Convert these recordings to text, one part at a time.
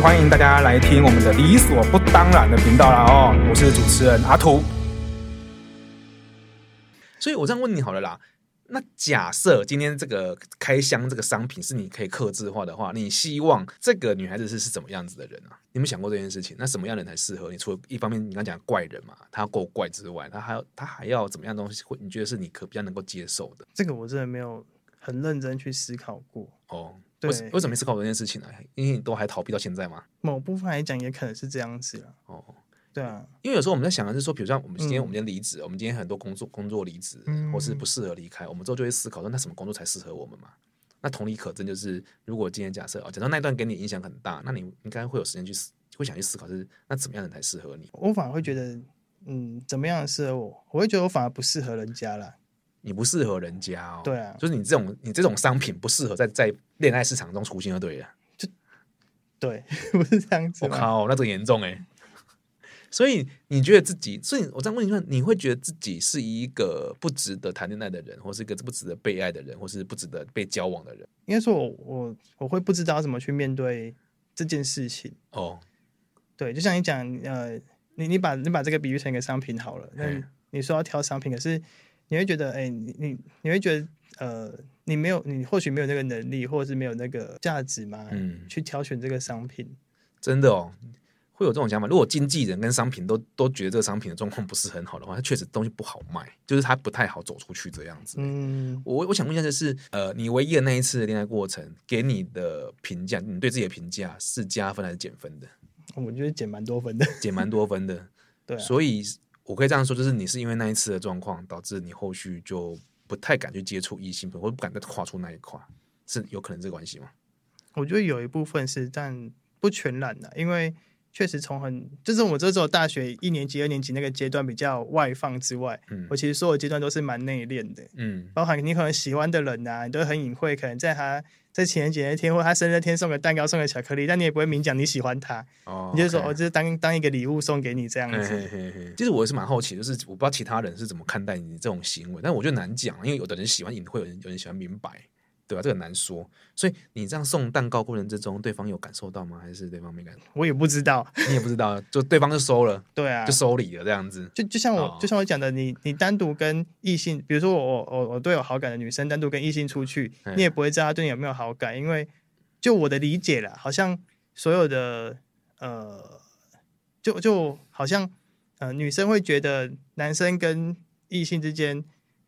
歡迎大家來聽我們的理所不當然的頻道啦！哦，我是主持人阿圖。所以我這樣問你好了啦。那假設今天這個開箱這個商品是你可以客製化的話，你希望這個女孩子是是怎麼樣子的人啊？你們想過這件事情？那什麼樣的人才適合你？除了一方面你剛剛講怪人嘛，他夠怪之外，他還要他還要怎麼樣東西？會你覺得是你可比較能夠接受的？這個我真的沒有很認真去思考過哦。為為什麼沒思考這件事情呢、啊？因為你都還逃避到現在嗎？某部分來講，也可能是這樣子了。哦，對啊，因為有時候我們在想的是說，比如說我們今天我們今天離職，我們今天很多工作工作離職、嗯，或是不適合離開，我們之後就會思考說，那什麼工作才適合我們嘛？那同理可證，就是如果今天假設，假設那一段給你影響很大，那你應該會有時間去思，會想去思考是那怎麼樣才適合你。我反而會覺得，嗯，怎麼樣適合我？我會覺得我反而不適合人家啦。你不適合人家哦，對啊，就是你這種你這種商品不適合在在戀愛市場中出現，對啊，就對，不是這樣子。我、oh、靠、欸，那很嚴重哎。所以你覺得自己，所以我再問一下，你會覺得自己是一個不值得談戀愛的人，或是一個不值得被愛的人，或是不值得被交往的人？應該說我我我會不知道怎麼去面對這件事情哦。Oh. 對，就像你講，呃，你你把你把這個比喻成一個商品好了，那、嗯、你說要挑商品，可是。你會覺得，哎、欸，你你你會覺得，呃，你沒有，你或許沒有那個能力，或者是沒有那個價值嘛？嗯，去挑選這個商品，真的哦，會有這種想法。如果經紀人跟商品都都覺得這個商品的狀況不是很好的話，它，確實東西不好賣，就是它不太好走出去這樣子。嗯，我我想問一下，就是呃，你唯一的那一次的戀愛過程，給你的評價，你對自己的評價是加分還是減分的？我覺得減蠻多分的，減蠻多分的。 對、啊，所以。我可以這樣說，就是你是因為那一次的狀況，導致你後續就不太敢去接觸異性朋友，或不敢再跨出那一塊，是有可能這個關係嗎？我覺得有一部分是，但不全然的啊，因為確實從很就是我這時候大學一年級、二年級那個階段比較外放之外，嗯，我其實所有階段都是蠻內斂的，嗯，包含你可能喜歡的人吶啊，你都很隱晦，可能在他。在情人節那天，或他生日那天，送個蛋糕，送個巧克力，但你也不會明講你喜歡他，oh, okay. 你就說哦，就是當當一個禮物送給你這樣子。Hey, hey, hey, hey. 其實我也是蠻好奇，就是我不知道其他人是怎麼看待你這種行為，但我覺得難講，因為有的人喜歡隱，會有人有人喜歡明白。對吧、啊？這個、很難說，所以你這樣送蛋糕過程之中，對方有感受到嗎？還是對方沒感受？我也不知道， 你也不知道，就對方就收了。對啊，就收禮了這樣子。就就像我、哦、就像我講的，你你單獨跟異性，比如說我我我對我有好感的女生，單獨跟異性出去，你也不會知道她對你有沒有好感，因為就我的理解啦，好像所有的呃，就就好像呃，女生會覺得男生跟異性之間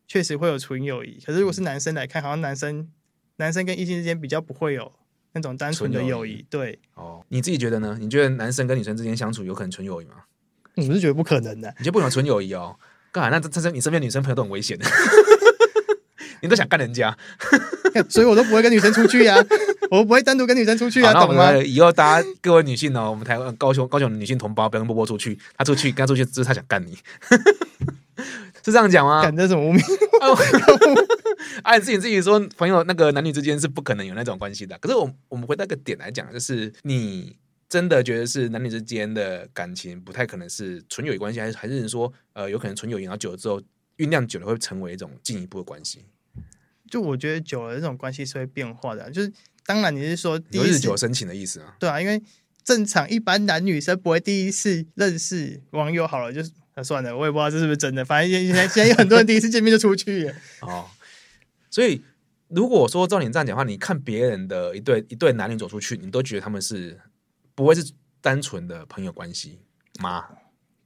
確實會有純友誼，可是如果是男生來看，嗯、好像男生。男生跟異性之間比較不會有那種單純的友誼，對哦。你自己覺得呢？你覺得男生跟女生之間相處有可能純友誼嗎？我、嗯、是覺得不可能的、啊，你就不想純友誼哦？幹啥？那這這你身邊女生朋友都很危險， 你都想幹人家 所以我都不會跟女生出去呀、啊， 我都不會單獨跟女生出去啊。懂嗎？以後大家各位女性哦，我們台灣高雄高雄女性同胞，不要跟波波出去，她出去跟她出去就是她想幹你。 是這樣講嗎？感覺什麼無名？哎、啊， 啊、你自己自己說，朋友那個男女之間是不可能有那種關係的。可是我我們回那個點來講，就是你真的覺得是男女之間的感情不太可能是純友誼關係，還是還是說呃有可能純友誼，然後久了之後醞釀久了會成為一種進一步的關係？就我覺得久了這種關係是會變化的、啊。就是當然你是說第一次有日久生情的意思啊？對啊，因為正常一般男女生不會第一次認識網友好了就是。那算了，我也不知道這是不是真的。反正現現現在有很多人第一次見面 就出去哦，所以如果說照你這樣講話，你看別人的一對一對男女走出去，你都覺得他們是不會是單純的朋友關係嗎？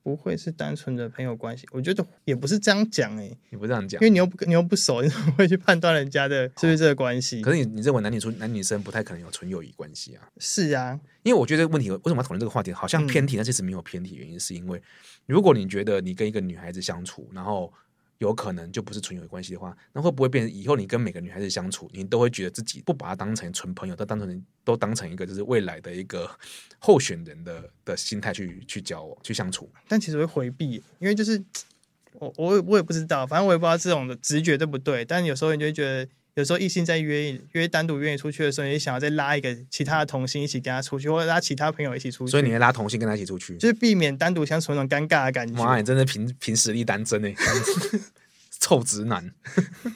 不會是單純的朋友關係，我覺得也不是這樣講哎、欸，也不是這樣講，因為你又不你又不熟，你怎麼會去判斷人家的是不是這個關係？哦、可是你你認為男女男女生不太可能有純友誼關係啊，是啊，因為我覺得這個問題為什麼要討論這個話題好像偏題、嗯，但其實沒有偏題，原因是因為如果你覺得你跟一個女孩子相處，然後。有可能就不是純友誼關係的話，那會不會變成以後你跟每個女孩子相處，你都會覺得自己不把她當成純朋友，都當成都當成一個就是未來的一個候選人的的心態去去交往去相處？但其實會回避，因為就是我我我也不知道，反正我也不知道這種的直覺對不對。但有時候你就會覺得。有時候異性在約約單獨約你出去的時候，你想要再拉一個其他的同性一起跟他出去，或者拉其他朋友一起出去。所以你會拉同性跟他一起出去，就是避免單獨相處那種尷尬的感覺。媽呀，你真的憑憑實力單身誒， 臭直男。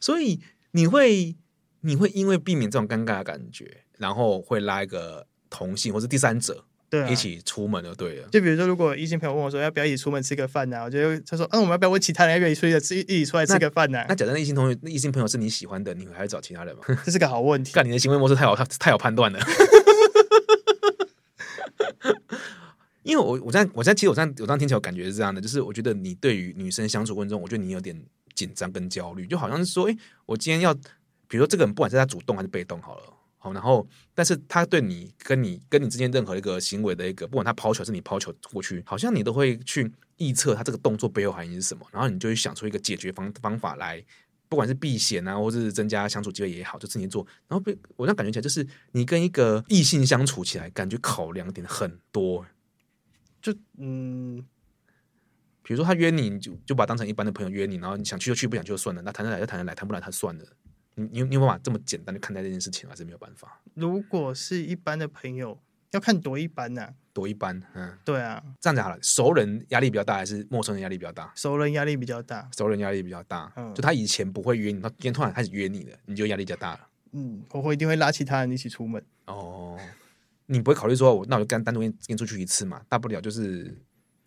所以你會你會因為避免這種尷尬的感覺，然後會拉一個同性或是第三者。對、啊，一起出門就對了。就比如說，如果異性朋友問我說要不要一起出門吃個飯呢、啊。我覺得他說，嗯，我們要不要問其他人要不要一出去吃一起出來吃個飯呢、啊？那假設異性同學、異性朋友是你喜歡的，你們還會找其他人嗎？這是個好問題。看、啊、你的行為模式太好，太好判斷了。 因為我，我在我在，其實我在我在聽起來感覺是這樣的，就是我覺得你對於女生相處過程中，我覺得你有點緊張跟焦慮，就好像是說，哎、欸，我今天要，比如說這個人，不管是他主動還是被動，好了。好、哦，然後，但是他對你、跟你、跟你之間任何一個行為的一個，不管他拋球是你拋球過去，好像你都會去臆測他這個動作背後含義是什麼，然後你就會想出一個解決方方法來，不管是避嫌啊，或者是增加相處機會也好，就自己做。然後被我這樣感覺起來，就是你跟一個異性相處起來，感覺考量點很多。就嗯，比如說他約你就就把他當成一般的朋友約你，然後你想去就去，不想去就算了。那談得來就談得來，談不來他算了。你你有你有辦法這麼簡單的看待這件事情，還是沒有辦法？如果是一般的朋友，要看多一般呢？啊？多一般，嗯，對啊，這樣子好了。熟人壓力比較大，還是陌生人壓力比較大？熟人壓力比較大，熟人壓力比較大。嗯，就他以前不會約你，他今天突然開始約你了，你就壓力比較大了。嗯，我會一定會拉其他人一起出門。哦，你不會考慮說我，我那我就單單獨跟你出去一次嘛？大不了就是，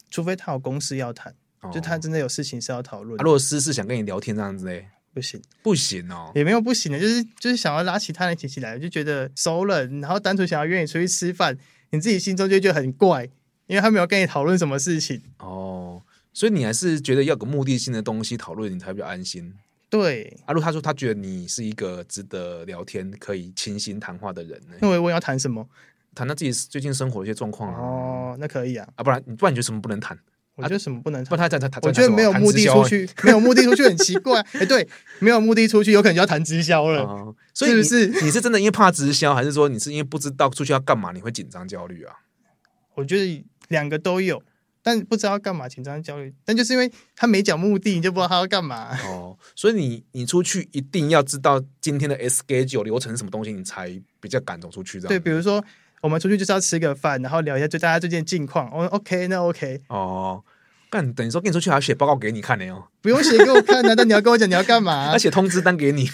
除非他有公事要談，哦，就他真的有事情是要討論。啊。如果私事想跟你聊天這樣子嘞，欸？不行，不行哦，也沒有不行的，就是就是想要拉其他人一起起來，就覺得熟了，然後單純想要約你出去吃飯，你自己心中就就很怪，因為他沒有跟你討論什麼事情哦，所以你還是覺得要有個目的性的東西討論，你才比較安心。對，阿路他說他覺得你是一個值得聊天、可以傾心談話的人，那我問要談什麼？談到自己最近生活的一些狀況啊，哦，那可以啊，啊不，不然你不然你覺得什麼不能談？我覺得什麼不能不他他我覺得沒有目的出去，沒有目的出去很奇怪。哎，對，沒有目的出去，有可能就要談直銷了是是、啊。所以你，你是你是真的因為怕直銷，還是說你是因為不知道出去要幹嘛，你會緊張焦慮啊？我覺得兩個都有，但不知道幹嘛緊張焦慮。但就是因為他沒講目的，你就不知道他要幹嘛、啊。哦，所以你你出去一定要知道今天的、S、schedule 流程是什麼東西，你才比較敢走出去。對，比如說。我們出去就是要吃個飯，然後聊一下就大家最近的近況。我說、oh, OK，那 OK、oh,。哦，幹等於說，跟你出去還要寫報告給你看呢？哦， 不用寫給我看，難道你要跟我講你要幹嘛、啊？而 且通知單給你。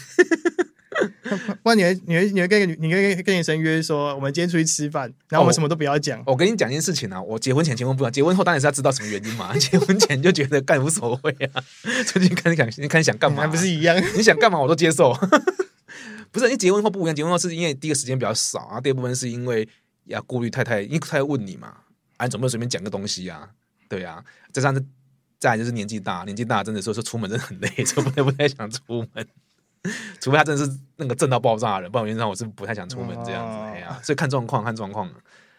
哇， 你，你，跟你、你、你跟一個女、你跟跟女生約說，我們今天出去吃飯，然後我們什麼都不要講。Oh, 我跟你講一件事情啊，我結婚前情況不一樣，結婚後當然是要知道什麼原因嘛。 結婚前就覺得幹無所謂啊，出 去看你想，你看你看想幹嘛、啊，還不是一樣？ 你想幹嘛我都接受。 不是你結婚後不一樣，結婚後是因為第一個時間比較少啊，第二部分是因為要顧慮太太，因為太太會問你嘛，啊，你總不能隨便講個東西啊？對啊。再上次再就是年紀大，年紀大真的說說出門真的很累，所以不, 不太想出門。除非他真的是那個震到爆炸了，不然的話我是不太想出門這樣子呀、啊，所以看狀況，看狀況。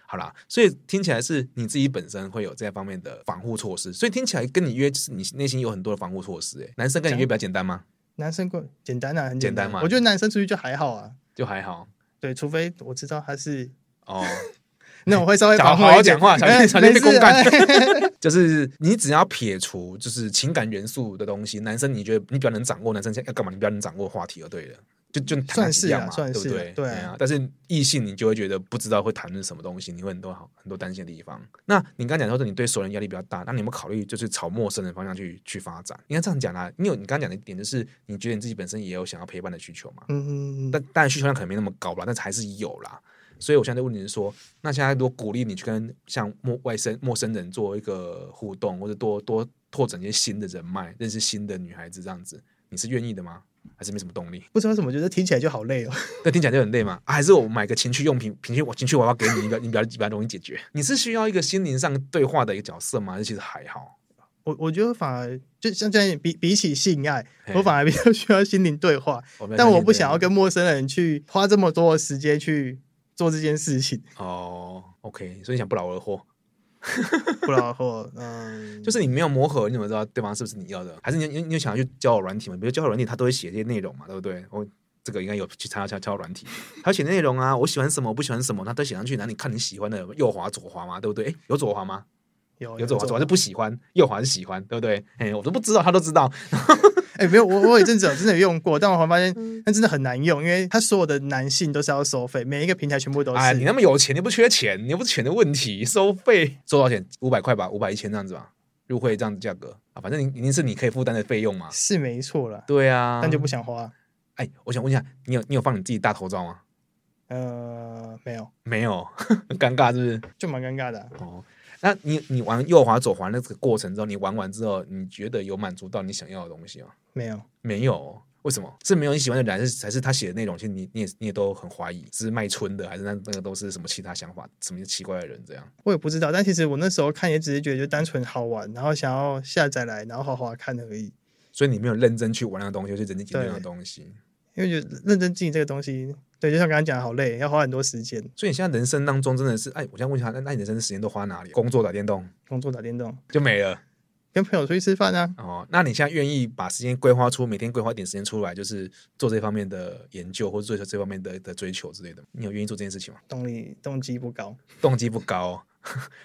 好啦，所以聽起來是你自己本身會有這方面的防護措施，所以聽起來跟你約就是你內心有很多的防護措施、欸。男生跟你約比較簡單嗎？男生過簡單、啊、很簡單嘛、啊？我覺得男生出去就還好啊，就還好。對，除非我知道他是哦， 那我會稍微找好好講話小心，小心被公幹。就是你只要撇除就是情感元素的東西，男生你覺得你比較能掌握，男生先要幹嘛？你比較能掌握話題，就對了。就就談一嘛算是、啊，對不對？啊，對啊、嗯、啊，但是異性你就會覺得不知道會談論什麼東西，你會很多很多擔心的地方。那你剛講說是你對熟人壓力比較大，那你們考慮就是朝陌生的方向去去發展？你看這樣講呢、啊，你有你剛講的一點就是你覺得你自己本身也有想要陪伴的需求嘛？嗯嗯，但但需求量可能沒那麼高吧，但是還是有啦。所以我現在的問題是說，那現在如果鼓勵你去跟像陌外生陌生人做一個互動，或者多多拓展一些新的人脈，認識新的女孩子，這樣子你是願意的嗎？還是沒什麼動力，不知道為什麼，我覺得聽起來就好累哦。那聽起來就很累嘛？啊、還是我買個情趣用品，平均我情趣我要給你一個，你比較比較容易解決。 你是需要一個心靈上對話的一個角色嗎？還是其實還好？我我覺得反而就像這樣，比比起性愛，我反而比較需要心靈對話。 但我不想要跟陌生人去花這麼多的時間去做這件事情。哦，OK，所以你想不勞而獲。 不然後，嗯，就是你沒有磨合，你怎麼知道對方是不是你要的？還是你你你想要去交友軟體嘛？比如交友軟體，他都會寫這些內容嘛，對不對？我、哦、這個應該有去交交交友軟體，他寫內容啊，我喜歡什麼，我不喜歡什麼，他都寫上去，然後你看你喜歡的有有右滑左滑嘛，對不對？哎、欸，有左滑嗎？有有左滑，左滑是不喜歡，右滑是喜歡，對不對？哎、欸，我都不知道，他都知道。 哎、欸，沒有，我我也真的有真的有用過， 但我還發現那真的很難用，因為他所有的男性都是要收費，每一個平台全部都是。哎，你那麼有錢，你不缺錢，你不缺錢你不缺的問題，收費收多少錢？五百塊吧，五百一千這樣子吧，入會這樣子價格啊，反正你已經是你可以負擔的費用嘛，是沒錯了。對啊，但就不想花。哎，我想問一下，你有你有放你自己大頭照嗎？呃，沒有，沒有，很尷尬，是不是？就蠻尷尬的、啊。哦。那你你玩右滑左滑那個過程中，你玩完之後，你覺得有滿足到你想要的東西嗎？沒有，沒有哦，為什麼？是沒有你喜歡的人？然，是還是他寫的內容？其實你你也你也都很懷疑，是賣春的，還是那那個都是什麼其他想法？什麼奇怪的人這樣？我也不知道。但其實我那時候看，也只是覺得就單純好玩，然後想要下載來，然後好好看而已。所以你沒有認真去玩那個東西，去認真體驗那個東西。因為就認真記這個東西，對，就像剛剛講的，的好累，要花很多時間。所以你現在人生當中真的是，哎，我想問一下，那那你人生的時間都花哪裡？工作打電動，工作打電動就沒了，跟朋友出去吃飯啊。哦，那你現在願意把時間規劃出每天規劃一點時間出來，就是做這方面的研究，或者追求這方面的的追求之類的？你有願意做這件事情嗎？動力動機不高，動機不高，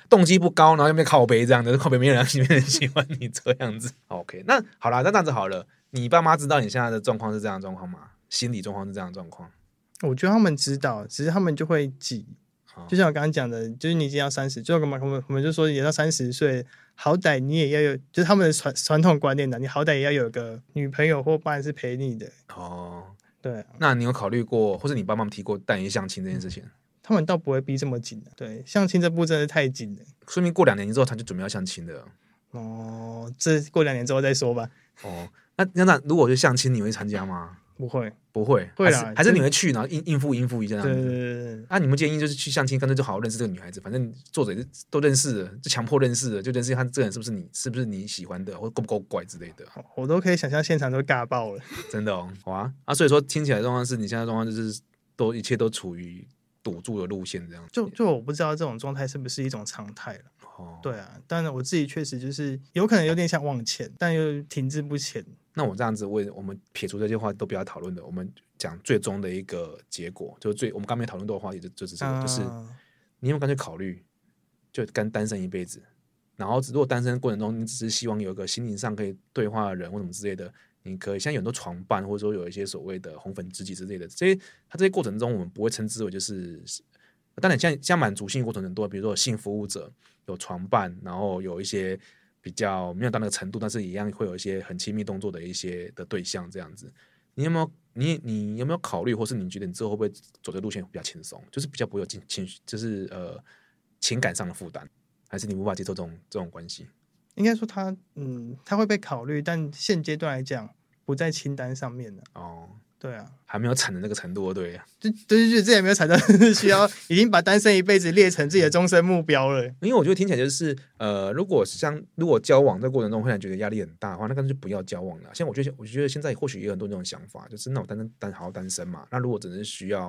動機不高， 不高然後又沒有靠北，這樣的靠北沒，沒人喜歡，喜歡你這樣子。 OK，那好啦，那這樣子好了，你爸媽知道你現在的狀況是這樣的狀況嗎？心理狀況是這樣的狀況，我覺得他們知道，其實他們就會急、哦、就像我剛剛講的，就是你已經要三十，就跟馬我們我們就說，也到三十歲，好歹你也要有，就是他們的傳傳統觀念的，你好歹也要有個女朋友或伴是陪你的。哦，對，那你有考慮過，或者你爸媽提過帶你相親這件事情、嗯。他們倒不會逼這麼緊的、啊。對，相親這步真的是太緊了，說明過兩年之後他就準備要相親的。哦，這過兩年之後再說吧。哦，那那那如果是相親，你會參加嗎？不會，不會，會啦，還是，還是你會去，然後應應付應付一下子。子。對對對對。啊，你們建議就是去相親，反正就好好認識這個女孩子，反正作者也是都認識的，就強迫認識的，就認識她這個人是不是你，是不是你喜歡的，或夠不夠怪之類的。我都可以想象現場都尬爆了，真的哦。好啊，啊，所以說聽起來的狀況是你現在狀況就是都一切都處於堵住的路線這樣。就就我不知道這種狀態是不是一種常態了。哦。對啊，但是我自己確實就是有可能有點想往前，但又停滯不前。那我這樣子，為我們撇除這些話都不要討論的，我們講最終的一個結果，就是最我們剛沒討論的話題就是這個，就是你有沒有乾脆考慮，就跟單身一輩子，然後只不過單身過程中你只是希望有一個心靈上可以對話的人或什麼之類的，你可以像有很多床伴或者說有一些所謂的紅粉知己之類的，這些它這些過程中我們不會稱之為就是，當然像像滿足性過程很多，比如說性服務者有床伴，然後有一些，比較沒有到那個程度，但是一樣會有一些很親密動作的一些的對象這樣子。你有沒有你你有沒有考慮，或是你覺得你之後會不會走這路線比較輕鬆，就是比較不會有情情緒，就是呃情感上的負擔，還是你無法接受這種這種關係？應該說他嗯他會被考慮，但現階段來講不在清單上面的哦。對啊，還沒有慘的那個程度，對呀、啊，這這這這也沒有慘到需要，已經把單身一輩子列成自己的終身目標了。因為我覺得聽起來就是，呃，如果像如果交往的過程中，忽然覺得壓力很大的話，那乾脆不要交往了。像我覺得，我覺得現在或許也有很多這種想法，就是那我單身單好好單身嘛。那如果只是需要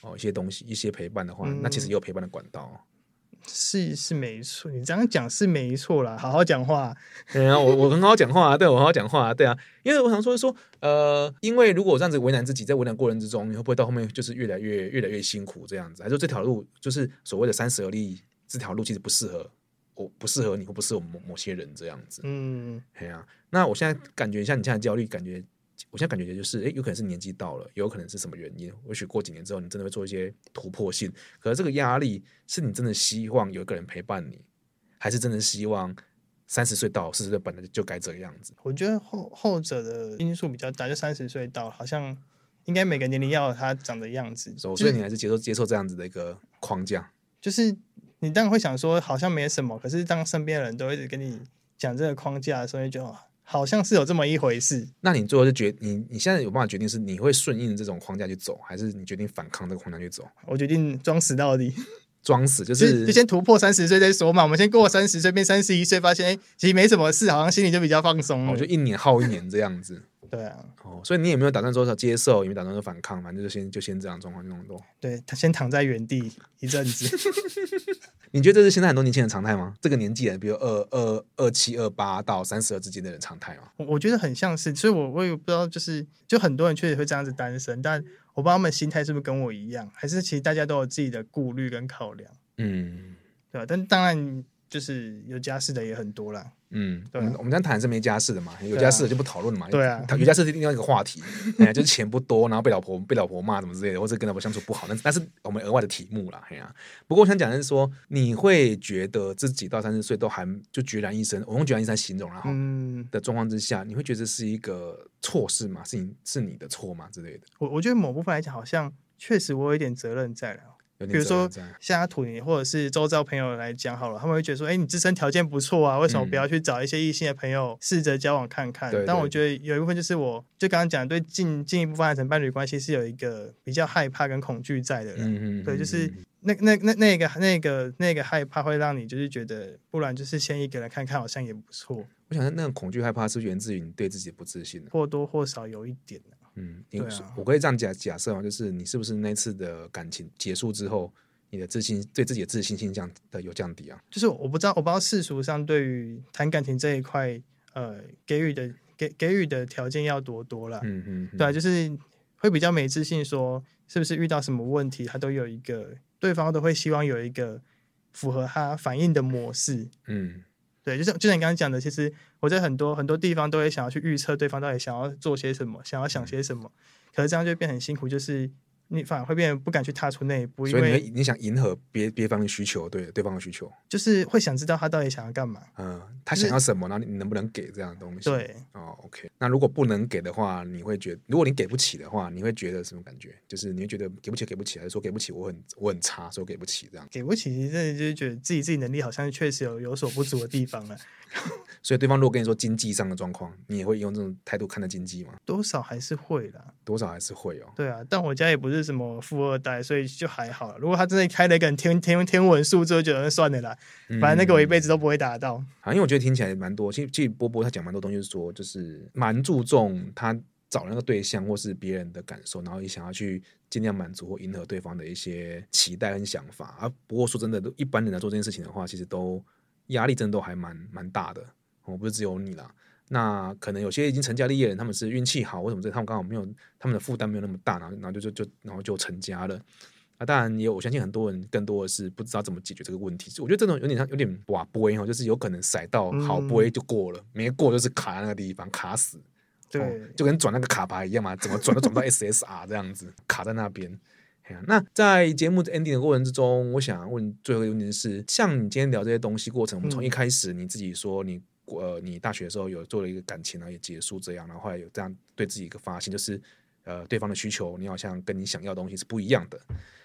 哦、呃、一些東西、一些陪伴的話，嗯、那其實也有陪伴的管道。是是沒錯，你這樣講是沒錯啦。好好講話，嗯、對啊，我我很好講話、啊、 對，我很好講話啊，對啊。因為我想說說，呃，因為如果這樣子為難自己，在為難過程之中，你會不會到後面就是越來越越來越辛苦這樣子？還是這條路就是所謂的三十而立這條路，其實不適合我不適合你，或不適合我們某某些人這樣子？嗯，對啊。那我現在感覺像你現在的焦慮，感覺。我現在感覺就是，哎、欸，有可能是年紀到了，有可能是什麼原因，或許過幾年之後，你真的會做一些突破性。可是這個壓力，是你真的希望有一個人陪伴你，還是真的希望三十歲到四十歲本來就該這個樣子？我覺得後後者的因素比較大，就三十歲到好像應該每個年齡要有他長的樣子。所以你還是接受接受這樣子的一個框架，就是你當然會想說好像沒什麼，可是當身邊的人都一直跟你講這個框架的時候，你覺得，你就。好像是有這麼一回事。那你最後就決你，你現在有辦法決定是你會順應這種框架去走，還是你決定反抗這個框架去走？我決定裝死到底。裝死就是就，就先突破三十歲再說嘛。我們先過三十歲，變三十一歲，發現、欸、其實沒什麼事，好像心裡就比較放鬆了、哦。就一年耗一年這樣子。 對啊。哦，所以你有沒有打算說接受？有沒有打算說反抗？反正就先就先這樣狀況這種多。對他先躺在原地一陣子。 你覺得這是現在很多年輕人常態嗎？這個年紀，比如二二二七二八到三十二之間的人，常態嗎？我我覺得很像是，所以我我也不知道，就是就很多人確實會這樣子單身，但我不知道他們心態是不是跟我一樣，還是其實大家都有自己的顧慮跟考量，嗯，對吧？但當然。就是有家室的也很多了，嗯啊，嗯，我們我們這樣談是沒家室的嘛，有家室的就不討論嘛，對啊，有家室是另外一個話題，哎、啊 欸，就是錢不多，然後被老婆被老婆罵什麼之類的，或者跟老婆相處不好，那那是我們額外的題目了，哎呀、啊，不過我想講的是說，你會覺得自己到三十歲都還就孑然一身。我用孑然一身來形容，然後的狀況之下，你會覺得是一個錯事嘛，是你是你的錯嘛之類的？我我覺得某部分來講，好像確實我有一點責任在了。比如說，像阿土尼或者是周遭朋友來講好了，他們會覺得說：“哎、欸，你自身條件不錯啊，為什麼不要去找一些異性的朋友試着、嗯、交往看看？”對對對，但我覺得有一部分就是我，就剛剛講對進進一步發展成伴侶關係是有一個比較害怕跟恐懼在的。嗯哼嗯哼嗯哼。對，就是那那那那個那個、那個、那個害怕會讓你就是覺得，不然就是先一個人看看好像也不錯。我想說那個恐懼害怕是，是源自於你對自己不自信，或多或少有一點啊。嗯、你、啊，我可以這樣假假設啊，就是你是不是那次的感情結束之後，你的自信對自己的自信心降的有降低啊？就是我不知道，我不知道世俗上對於談感情這一塊，呃，給予的給給予的條件要多多了。嗯嗯，對啊，就是會比較沒自信，說是不是遇到什麼問題，他都有一個對方都會希望有一個符合他反應的模式。嗯。對，就是就像你剛剛講的，其實我在很多很多地方都會想要去預測對方到底想要做些什麼，想要想些什麼，可是這樣就會變很辛苦，就是。你反而會變不敢去踏出那一步，所以你你想迎合別別方的需求，對對方的需求，就是會想知道他到底想要幹嘛，嗯，他想要什麼，那然後你能不能給這樣東西？對，哦，oh，OK，那如果不能給的話，你會覺得，如果你給不起的話，你會覺得什麼感覺？就是你會覺得給不起，給不起，還是說給不起，我很我很差，說給不起這樣？給不起，真的就是覺得自己自己能力好像確實有有所不足的地方了。 所以對方如果跟你說經濟上的狀況，你也會用這種態度看待經濟嗎？多少還是會啦，多少還是會哦。對啊，但我家也不是什麼富二代，所以就還好。如果他真的開了一個天天天文數字，就覺得算了啦，反正、嗯、那個我一輩子都不會達到。啊，因為我覺得聽起來蠻多。其實其實波波他講蠻多東西就是說，說就是蠻注重他找那個對象或是別人的感受，然後也想要去盡量滿足或迎合對方的一些期待跟想法。啊，不過說真的，都一般人來做這件事情的話，其實都壓力真的都還蠻蠻大的。我、哦，不是只有你啦，那可能有些已經成家立業的人，他們是運氣好，為什麼這？他們剛好沒有，他們的負擔沒有那麼大，然後然後就就就然後就成家了。啊，當然也有，我相信很多人更多的是不知道怎麼解決這個問題。我覺得這種有點像，有點跋杯、哦，就是有可能塞到好杯就過了、嗯，沒過就是卡在那個地方卡死。對，哦、就跟轉那個卡牌一樣嘛，怎麼轉都轉不到 SSR 這樣子， 卡在那邊、啊。那在節目 ending 的過程之中，我想問最後一個問題、就是，像你今天聊這些東西過程，我們從、嗯、一開始你自己說你。呃，你大學的時候有做了一個感情呢、啊，也結束這樣，然後後來有這樣對自己一個發現，就是呃，對方的需求你好像跟你想要的東西是不一樣的。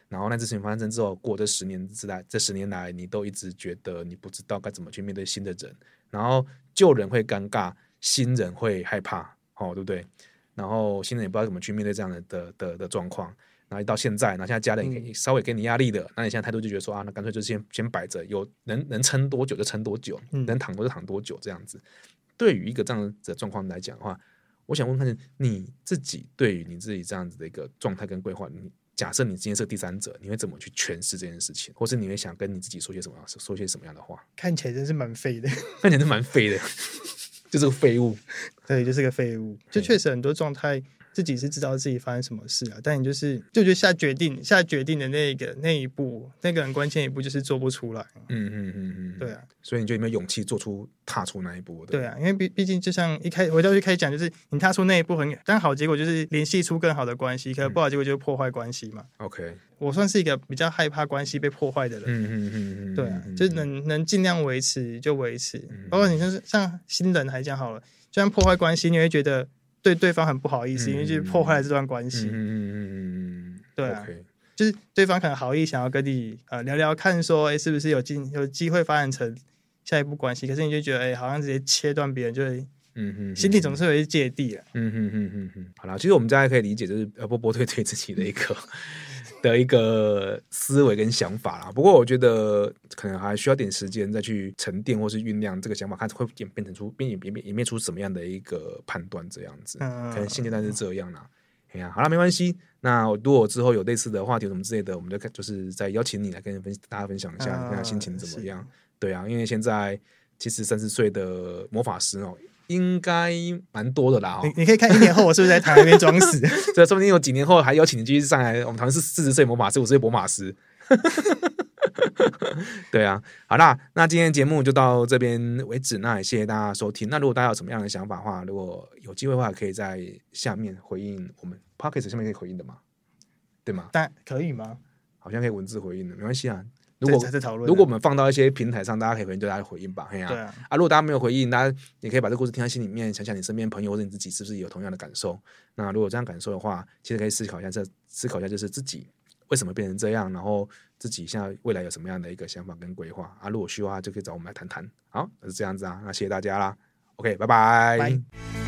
然後那事情發生之後，過這十年之來，這十年來你都一直覺得你不知道該怎麼去面對新的人，然後舊人會尷尬，新人會害怕，哦，對不對？然後新人也不知道怎麼去面對這樣的的的的狀況。那你到現在，然後現在家裡給你稍微給你壓力的、嗯，那你現在態度就覺得說啊，那乾脆就先先擺着，有能能撐多久就撐多久，嗯、能躺多久躺多久這樣子。對於一個這樣的狀況來講的話，我想問看下你自己，對於你自己這樣子的一個狀態跟規劃，你假設你今天是個第三者，你會怎麼去詮釋這件事情，或是你會想跟你自己說些什麼，說些什麼樣的話？看起來真是蠻廢的， 看起來蠻廢的， 就是個廢物，對，就是個廢物，就確實很多狀態、嗯。自己是知道自己發生什麼事啊，但你就是就覺得下決定、下決定的那一個那一步，那個很關鍵一步，就是做不出來。嗯哼嗯嗯嗯，對啊，所以你就沒有勇氣做出踏出那一步。對,對啊，因為畢畢竟就像一開，回到一開始講，就是你踏出那一步很遠，但好結果就是聯繫出更好的關係、嗯，可不好結果就是破壞關係嘛。OK，、嗯、我算是一個比較害怕關係被破壞的人。嗯哼嗯哼嗯,哼嗯哼對啊，就是能能盡量維持就維持、嗯，包括你就是像新人還講好了，就像破壞關係，你會覺得。對對方很不好意思，嗯、因為就是破壞了這段關係。嗯嗯嗯嗯對啊，okay. 就是對方可能好意想要跟你呃聊聊看說，說、欸、哎，是不是有機有機會發展成下一步關係？可是你就覺得哎、欸、好像直接切斷別人就會，就是嗯嗯，心裡總是有些芥蒂了。嗯嗯嗯嗯嗯，好啦，其實我們大家可以理解，就是呃波波對對自己的一個。的一個思維跟想法啦，不過我覺得可能還需要點時間再去沉澱或是醞釀這個想法，看會演變成出，變演變變演變出什麼樣的一個判斷這樣子。可能現階段是這樣啦。嗯，哎呀，好了，沒關係。那如果之後有類似的話題什麼之類的，我們就看就是再邀請你來跟大家分享一下，你看心情怎麼樣，嗯？對啊，因為現在其實三十歲的魔法師哦。應該蠻多的啦。喔你，你可以看一年後我是不是在台灣那邊裝死，這 說 不定有幾年後還邀請你繼續上來，我們可能是四十歲魔法師，五十歲魔法師， 對啊，好啦，那今天節目就到這邊為止，那也謝謝大家收聽，那如果大家有什麼樣的想法的話，如果有機會的話，可以在下面回應我們 podcast 下面可以回應的嗎對嗎？但可以嗎？好像可以文字回應的，沒關係啊。如果如果我們放到一些平台上，大家可以回應，對大家的回應吧，啊對啊，啊，如果大家沒有回應，那也可以把這個故事聽到心裡面，想想你身邊朋友或者你自己是不是有同樣的感受？那如果這樣感受的話，其實可以思考一下，這思考一下就是自己為什麼變成這樣，然後自己現在未來有什麼樣的一個想法跟規劃？啊，如果需要的話，就可以找我們來談談。好，就是這樣子啊，那謝謝大家啦，OK，拜拜。Bye.